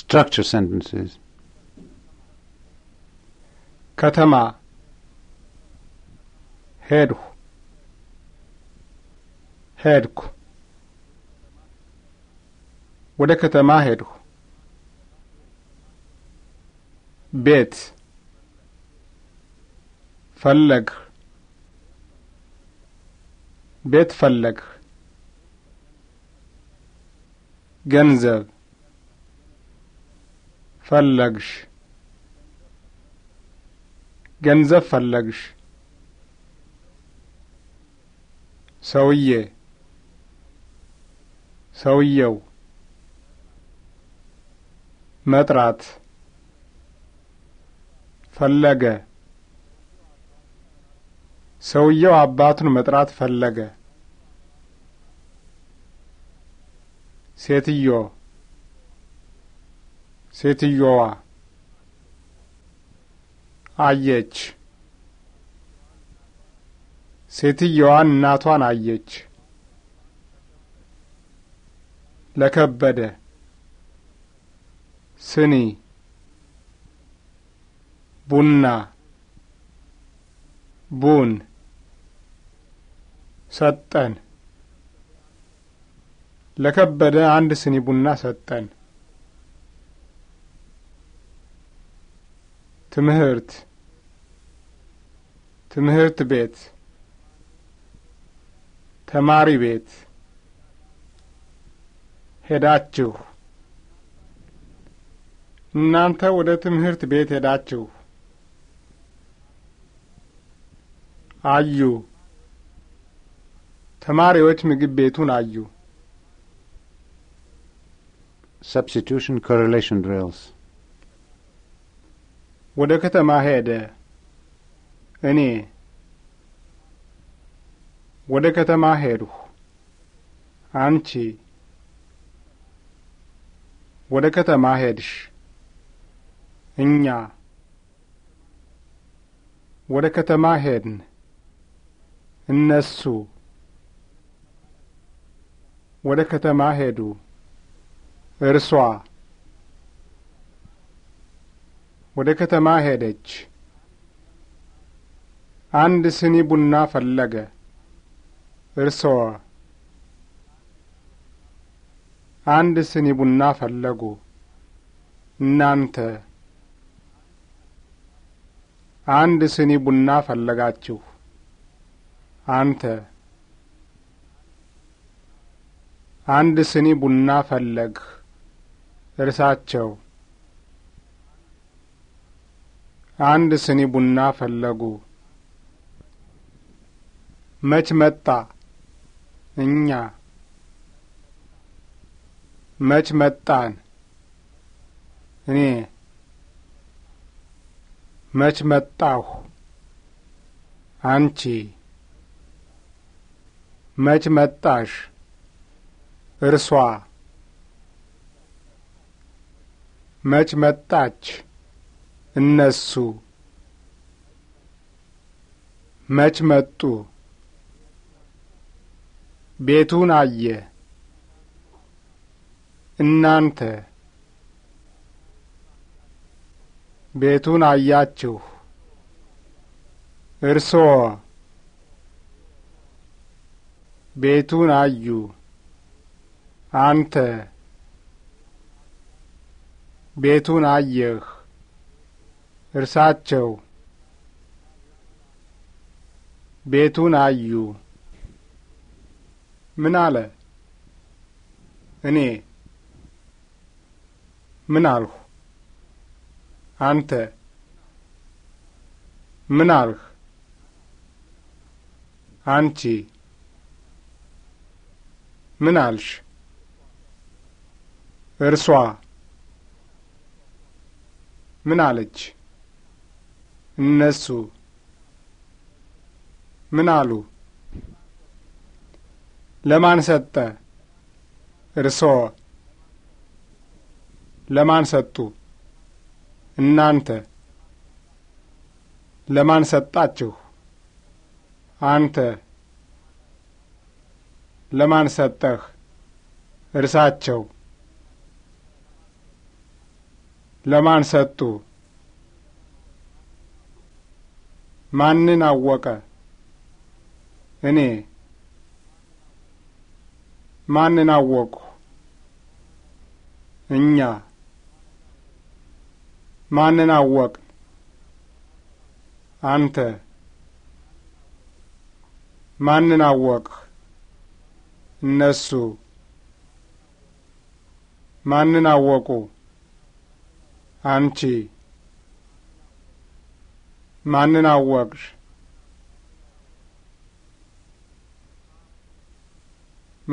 structure sentences. ከተማ ሄድሁ ሄድኩ ወደ ከተማ ሄድሁ ቤት ፈለግህ ቤት ፈለግህ ገንዘብ ፈለግሽ፣ ገንዘብ ፈለግሽ። ሰውዬ፣ ሰውየው። መጥራት፣ ፈለገ። ሰውየው አባቱን መጥራት ፈለገ። ሴትዮ ሴትዮዋ አየች። ሴትዮዋ እናቷን አየች። ለከበደ ስኒ፣ ቡና፣ ቡን ሰጠን። ለከበደ አንድ ስኒ ቡና ሰጠን። ትምህርት ትምህርት ቤት ተማሪ ቤት ሄዳችሁ እናንተ ወደ ትምህርት ቤት ሄዳችሁ አዩ ተማሪዎች ምግብ ቤቱን አዩ Substitution correlation drills ወደ ከተማ ሄደ። እኔ ወደ ከተማ ሄድሁ። አንቺ ወደ ከተማ ሄድሽ። እኛ ወደ ከተማ ሄድን። እነሱ ወደ ከተማ ሄዱ። እርሷ ወደ ከተማ ሄደች። አንድ ስኒ ቡና ፈለገ። እርሶ አንድ ስኒ ቡና ፈለጉ። እናንተ አንድ ስኒ ቡና ፈለጋችሁ። አንተ አንድ ስኒ ቡና ፈለግህ። እርሳቸው አንድ ስኒ ቡና ፈለጉ። መች መጣ? እኛ መች መጣን? እኔ መች መጣሁ? አንቺ መች መጣሽ? እርሷ መች መጣች? እነሱ መች መጡ። ቤቱን አየ። እናንተ ቤቱን አያችሁ። እርስዎ ቤቱን አዩ። አንተ ቤቱን አየህ። እርሳቸው ቤቱን አዩ። ምን አለ? እኔ ምን አልሁ? አንተ ምን አልህ? አንቺ ምን አልሽ? እርሷ ምን አለች? እነሱ ምን አሉ? ለማን ሰጠ? እርስዎ ለማን ሰጡ? እናንተ ለማን ሰጣችሁ? አንተ ለማን ሰጠህ? እርሳቸው ለማን ሰጡ? ማንን አወቀ? እኔ። ማንን አወቁ? እኛ። ማንን አወቅ? አንተ። ማንን አወቅ? እነሱ። ማንን አወቁ? አንቺ ማንን አወቅሽ?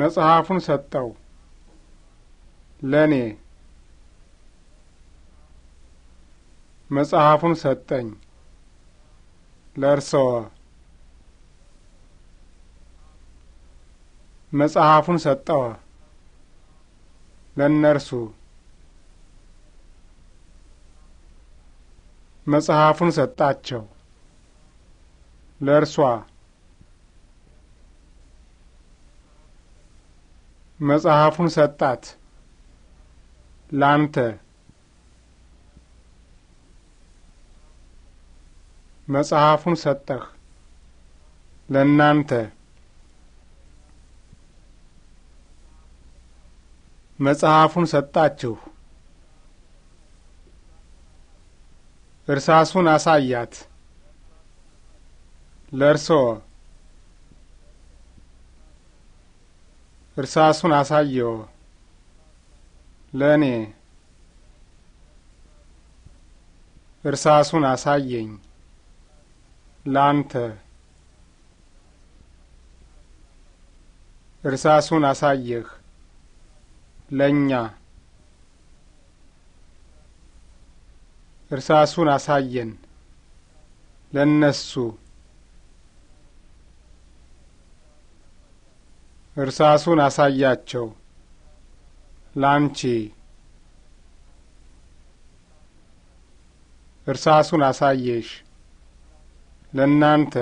መጽሐፉን ሰጠው። ለእኔ መጽሐፉን ሰጠኝ። ለእርስዎ መጽሐፉን ሰጠዋ ለእነርሱ መጽሐፉን ሰጣቸው። ለእርሷ መጽሐፉን ሰጣት። ላንተ መጽሐፉን ሰጠህ። ለእናንተ መጽሐፉን ሰጣችሁ። እርሳሱን አሳያት። ለርሶ እርሳሱን አሳየው። ለእኔ እርሳሱን አሳየኝ። ለአንተ እርሳሱን አሳየህ። ለእኛ እርሳሱን አሳየን። ለነሱ እርሳሱን አሳያቸው። ላንቺ እርሳሱን አሳየሽ። ለእናንተ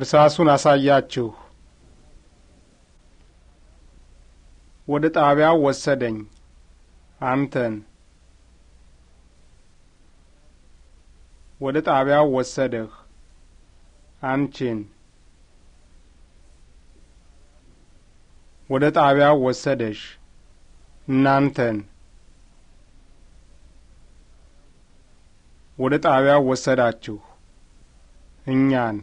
እርሳሱን አሳያችሁ። ወደ ጣቢያው ወሰደኝ። አንተን ወደ ጣቢያው ወሰደህ አንቺን ወደ ጣቢያው ወሰደሽ እናንተን ወደ ጣቢያው ወሰዳችሁ እኛን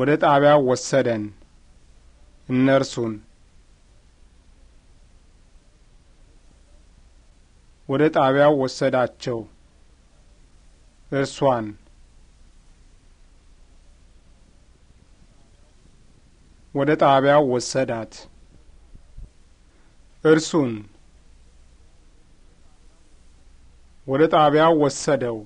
ወደ ጣቢያው ወሰደን እነርሱን ወደ ጣቢያው ወሰዳቸው። እርሷን ወደ ጣቢያው ወሰዳት። እርሱን ወደ ጣቢያው ወሰደው።